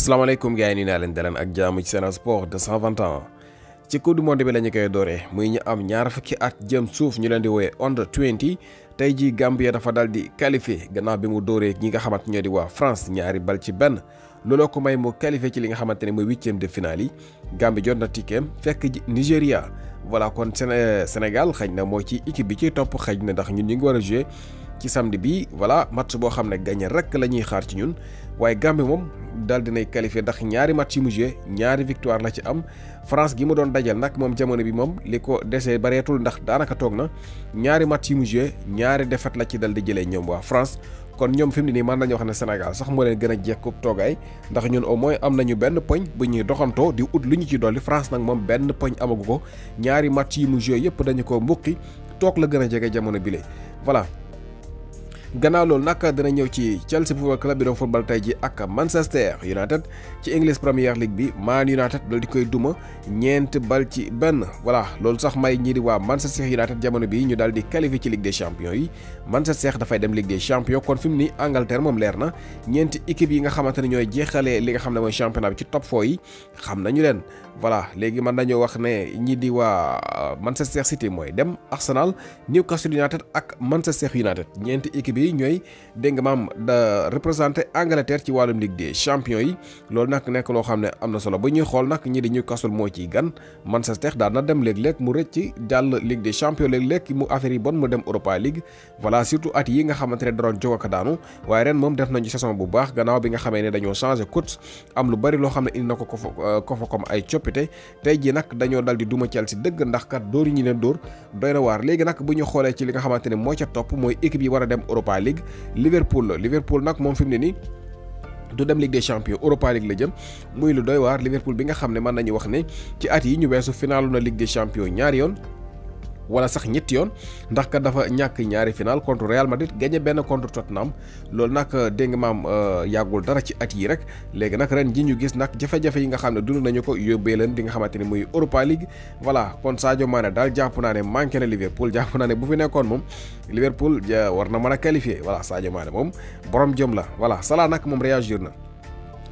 salaamaleykum gars yi nii naa leen daleen ak jaamu ci Sen Sport 221 ci coupe du monde bi la ñu koy dooree muy ñu am ñaar fukki at jëm suuf ñu leen di woowee under 20 tey jii Gambia dafa daal di qualifié gannaaw bi mu dooree ñi nga xamante ñoo di waa France ñaari bal ci benn looloo ko may mu qualifié ci li nga xamante ni mooy huitième de finale yi Gambie jot na tikkeem fekk ji Nigéria voilà kon euh, Sénégal xëy na moo ci équipe bi ci topp xëy na ndax ñu ngi war a joué ci samedi bi voilà match boo xam ne gagné rek la ñuy xaar ci ñun waaye Gambie moom daal dinay qualifié ndax ñaari match yu mujjee ñaari victoire la ci am France gi mu doon dajal nag moom jamono bi moom li ko desee bareetul ndax daanaka toog na ñaari match yu mujjee ñaari defet la ci dal di jëlee ñoom waa France kon ñoom fi mu ne nii mën nañu wax ne Sénégal sax moo leen gën a jekku toogaay ndax ñun au moins am nañu benn poñ bu ñuy doxantoo di ut lu ñu ci dolli France nag moom benn poñ amagu ko ñaari match yi mu yëpp dañu ko mbuqi toog la gën a jege jamono bile voilà gannaaw loolu nag dana ñëw ci Chelsea football club bi doon football tey ji ak Manchester United ci English Premier League bi Man United dal di koy duma ñeent bal ci benn voilà loolu sax may ñii di waa Manchester United jamono bi ñu daal di qualifié ci Ligue des Champions yi Manchester dafay dem Ligue des Champions kon fi mu ni Angleterre moom leer na ñeenti équipe yi nga xamante ne ñooy jeexalee li nga xam ne mooy championnat bi ci top four yi xam nañu leen voilà léegi mën nañoo wax ne ñii di waa euh, Manchester City mooy dem Arsenal Newcastle United ak Manchester United ñeenti équipe bi ñooy dégg maam da représenté Angleterre ci wàllum Ligue des champions yi loolu nag nekk loo xam ne am na solo ba ñuy xool nag ñi di Newcastle moo ciy gan Manchester daan dem léegi nag bu ñu xoolee ci li nga xamante ne ca topp mooy équipe yi war a dem Europa Europa League Liverpool la Liverpool nag moom fi ne nii. du dem Ligue des Champions Europa League la jëm muy lu doy waar Liverpool bi nga xam ne mën nañu wax ne ci at yi ñu weesu finaalu na Ligue des Champions ñaari yoon wala sax ñetti yoon ndax kat dafa ñàkk ñaari final contre Real Madrid gagné benn contre Tottenham loolu nag euh, dégg nga maam euh, yàggul dara ci at yii rek léegi nag ren ji ñu gis nag jafe-jafe yi nga xam ne dund nañu ko yóbbee leen di nga xamante ne muy Europa League voilà kon Sadio daal jàpp naa ne manqué na Liverpool jàpp naa ne bu fi nekkoon moom Liverpool euh, war na mën a qualifié voilà Sadio moom borom jëm la voilà Salah nag moom réagir na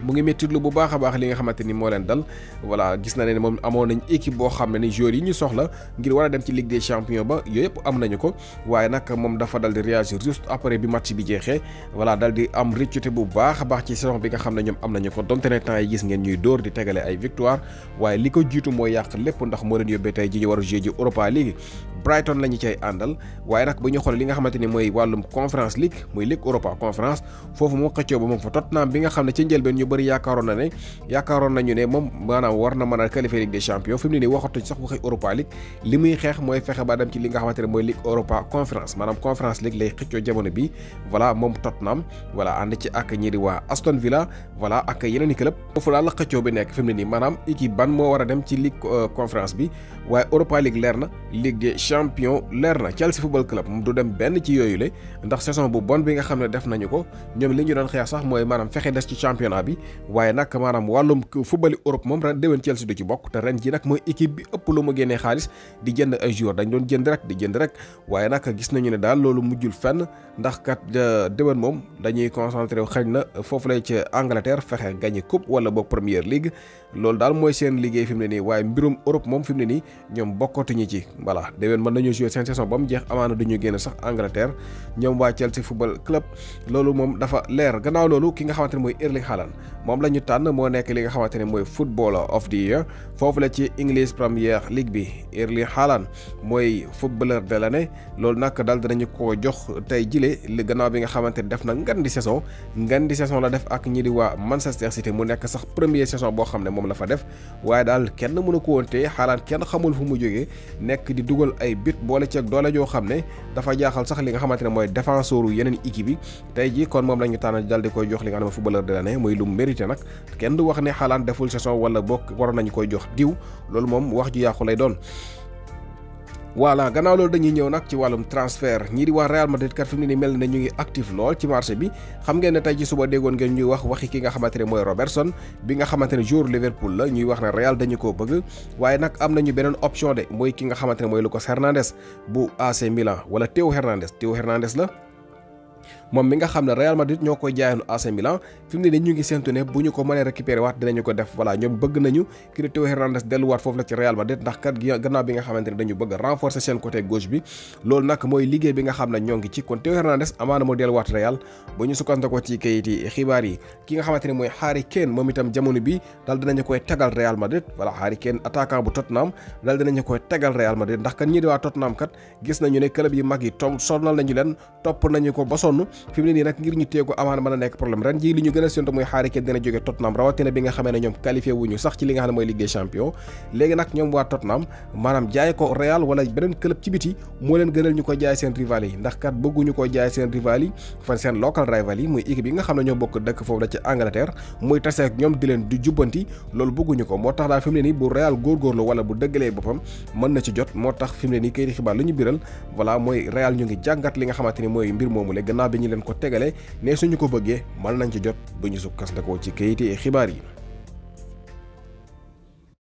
mu ngi méttitlu bu baax a baax li nga xamante ni moo leen dal voilà gis na ne moom amoon nañ équipe boo xam ne ni joueurs yi ñu soxla ngir war a dem ci Ligue des Champions ba yooyu am nañu ko waaye nag moom dafa dal di réagir juste après bi match bi jeexee voilà dal di am rëccute bu baax a baax ci saison bi nga xam ne ñoom am nañu ko donte ne temps yi gis ngeen ñuy dóor di tegale ay victoire waaye li ko jiitu mooy yàq lépp ndax moo leen yóbbee tey ji ñu war a jouer ji Europa Brighton la ñu cay àndal waaye nag bu ñu xoolee li nga xamante ni mooy wàllum Conference League muy Ligue Europa Conference foofu moo xëccoo ba moom fa Tottenham bi nga xam ne ci njëlbeen ñu bëri yaakaaroon na ne yaakaaroon nañu ne moom maanaam war na mën a qualifier Ligue des Champions fi mu ne nii waxatuñ sax waxi Europa League li muy xeex mooy fexe ba dem ci li nga xamante ne mooy Ligue Europa Conference maanaam Conference League lay xëccoo jamono bi voilà moom Tottenham voilà ànd ci ak ñi di waa Aston Villa voilà ak yeneen i club foofu daal la bi nekk fi a dem ci euh, na Ligue champion leer na Chelsea football club moom du dem benn ci yooyu le ndax saison bu bon bi nga xam ne def nañu ko ñoom li ñu doon xeex sax mooy maanaam fexe des ci championnat bi waaye nag maanaam wàllum football Europe moom ren déwén Chelsea du ci bokk te ren ji nag mooy équipe bi ëpp lu mu génnee xaalis di jënd ay joueurs dañ doon jënd rek di jënd rek waaye nag gis nañu ne daal loolu mujjul fenn ndax kat euh, déwén moom dañuy concentré xëy na foofu lay ci Angleterre fexe gagné coupe wala boog Premier League loolu daal mooy seen liggéey fi mu ne nii waaye mbirum Europe moom fi mu nii ñoom bokkatuñu ci voilà déwén leen mën nañoo jouer seen saison ba mu jeex amaana duñu génn sax Angleterre ñoom waa Chelsea football club loolu moom dafa leer gannaaw loolu ki nga xamante ne mooy Erling Haaland moom la ñu tànn moo nekk li nga xamante ne mooy footballer of the year foofu la ci English Premier League bi Erling Haaland mooy footballeur de l'année loolu nag dal dinañu ko jox tey jile li gannaaw bi nga xamante def na ngan di saison ngan di saison la def ak ñi di waa Manchester City mu nekk sax premier saison boo xam ne moom la fa def waaye daal kenn mënu ko woon te Haaland kenn xamul fu mu jógee nekk di dugal ay ay but boole ci ak doole joo xam ne dafa jaaxal sax li nga xamante ne mooy défenseur yu yeneen équipe yi tey ji kon moom la ñu tànn dal di koy jox li nga xam ne footballeur de l'année muy lu mérité nag kenn wax ne xalaan deful saison wala bokk waroon nañu koy jox diw loolu moom wax ju yàqu lay doon voilà gannaaw loolu dañuy ñëw nag ci wàllum transfert ñii di wax Real Madrid kat fi mu ne mel na ñu ngi actif lool ci marché bi xam ngeen ne tey ci suba déggoon ngeen ñuy wax waxi ki nga xamante ne mooy Robertson bi nga xamante ne joueur Liverpool la ñuy wax ne Real dañu ko bëgg waaye nag am nañu beneen option de mooy ki nga xamante ne mooy ko Hernandez bu AC Milan wala Théo Hernandez Théo Hernandez la moom mi nga xam ne Real Madrid ñoo koy jaayoon AC Milan fi ne nii ñu ngi séntu ne bu ñu ko mënee récupérer waat dinañu ko def voilà ñoom bëgg nañu kii di Théo delluwaat foofu la ci Real Madrid ndax kat gannaaw di waa Tottenham kat gis nañu ne club yi mag yi tom nañu leen topp nañu ko ba sonn noonu nii nag ngir ñu teeku amaana mën a nekk problème ren li ñu gën a séntu mooy Harry Kane dina jóge Tottenham rawatina bi nga xamee ne ñoom qualifié wuñu ñu ko ci li nga xamante ni mooy mbir moomu gannaaw bi ñu leen ko tegale ne suñu ko bëggee mën nañ ci jot bu ñu sukkandikoo ci kayiti xibaar yi